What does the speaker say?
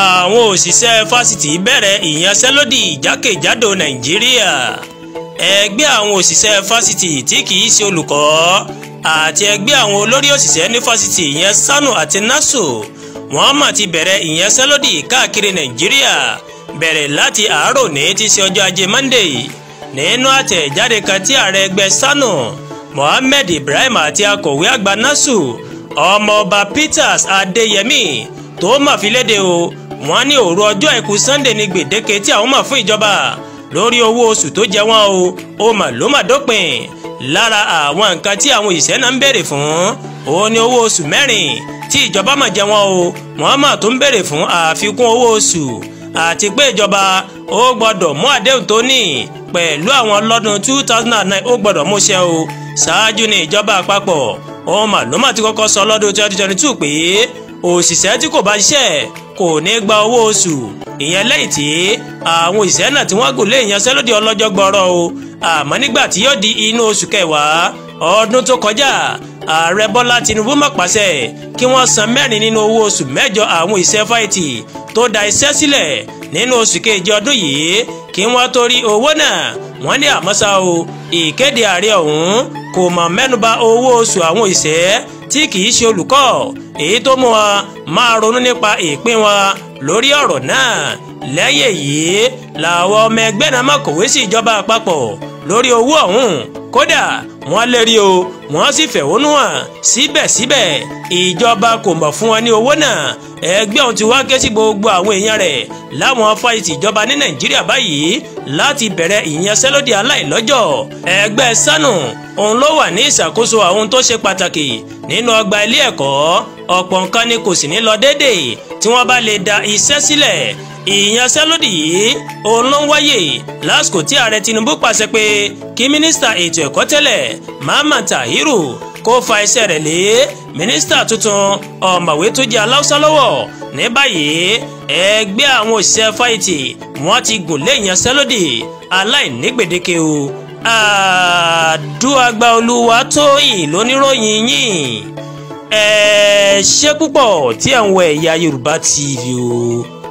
àwọn òṣìṣẹ́ fásitì bẹ̀rẹ̀ ìyanṣẹ́lódì jákèjádò nàìjíríà ẹgbẹ́ àwọn òṣìṣẹ́ fásitì tí kì í ṣe olùkọ́ àti ẹgbẹ́ àwọn olórí òṣìṣẹ́ ní fásitì ìyẹn sanu àti naso wọ́n mà ti bẹ̀rẹ̀ ìyanṣẹ́lódì káàkiri nàìjíríà bẹ̀rẹ̀ láti àárò ní ti ṣe ọjọ́ ajé monday nínú àtẹ̀jáde kan tí ààrẹ ẹgbẹ́ sanu mohammed ibrahim àti akọ̀wé àgbà nasu ọmọọba peters adéyẹmí tó mà fi léde o wọ́n ní òru ọjọ́ àìkú Sunday ní gbèdéke tí àwọn máa fún ìjọba lórí owó oṣù tó jẹ wọ́n o ó mà ló mà dópin lára àwọn nǹkan tí àwọn òṣìṣẹ́ náà ń béèrè fún òun ni owó oṣù mẹ́rin tí ìjọba mà jẹ wọ́n o wọ́n mà tún béèrè fún àfikún owó oṣù àti pé ìjọba ó gbọ́dọ̀ mú àdéhùn tó ní pẹ̀lú àwọn lọ́dún two thousand and nine ó gbọ́dọ̀ mú ṣẹ o ṣáájú ní ìjọba àpapọ̀ òun mà ló mà ti kọ́kọ́ sọ lọ́dún twenty twenty two pé òṣìṣẹ́ tí kò bá ṣiṣẹ́ kò ní gba owó oṣù ìyẹn lẹ́yìn tí àwọn òṣìṣẹ́ náà tí wọ́n gùn lé ìyanṣẹ́lódì ọlọ́jọ́ gbọ́rọ̀ o àmọ́ nígbà tí yóò di inú oṣù kẹwàá ọdún tó kọjá ààrẹ bọ́lá tinubu mọ̀ pàṣẹ kí wọ́n san mẹ́rin nínú owó oṣù mẹ́jọ àwọn òṣìṣẹ́ fáìtì tó da iṣẹ́ sílẹ̀ nínú oṣù kejì ọdún yìí kí wọ́n tó owó náà wọ́n ní àmọ́sá o ìkéde ààrẹ ọ̀hún kò mọ̀ mẹ́nuba owó oṣù àwọn òṣìṣẹ́ tí kìí ṣe olùkọ́ èyí tó mú wọn máa ronú nípa ìpín wọn lórí ọ̀rọ̀ náà lẹ́yìn èyí làwọn ọmọ ẹgbẹ́ náà mọ̀kòwé sí ìjọba àpapọ̀ lórí owó ọ̀hún kódà wọ́n lérí o wọ́n sì fẹ̀hónú hàn síbẹ̀síbẹ̀ ìjọba kò mọ̀ fún wọn ní owó náà ẹgbẹ́ ọ̀hún ti wá ké sí gbogbo àwọn èèyàn rẹ̀ láwọn fáìtì ìjọba ní nàìjíríà báyìí láti bẹ̀rẹ̀ ìyanṣẹ́lódì aláìlọ́jọ́ ẹgbẹ́ sanu òun ló wà ní ìṣàkóso àwọn tó ṣe pàtàkì nínú ọgbà ilé ẹ̀kọ́ ọ̀pọ̀ nǹkan ni kò sì ní lọ déédéé tí wọ́n bá lè da iṣẹ́ sílẹ̀ ìyanṣẹ́lódì yìí òun ló ń wáyè lásìkò tí ààrẹ Tinubu pàṣẹ pé kí mínísítà ètò ẹ̀kọ́ tẹ́lẹ̀ Mamman Tahiru kó fa iṣẹ́ rẹ̀ lé mínísítà tuntun ọ̀mọ̀wé tó jẹ́ aláwùsá lọ́wọ́ ní báyìí ẹgbẹ́ àwọn òṣìṣẹ́ fáìtì wọ́n ti gùn lé ìyanṣẹ́lódì aláìnígbèdéke o àdúràgbà olúwa tó ìlóníròyìn yìí ẹ ṣé púpọ̀ tí ẹ̀ ń wo ẹ̀yà Yorùbá TV o.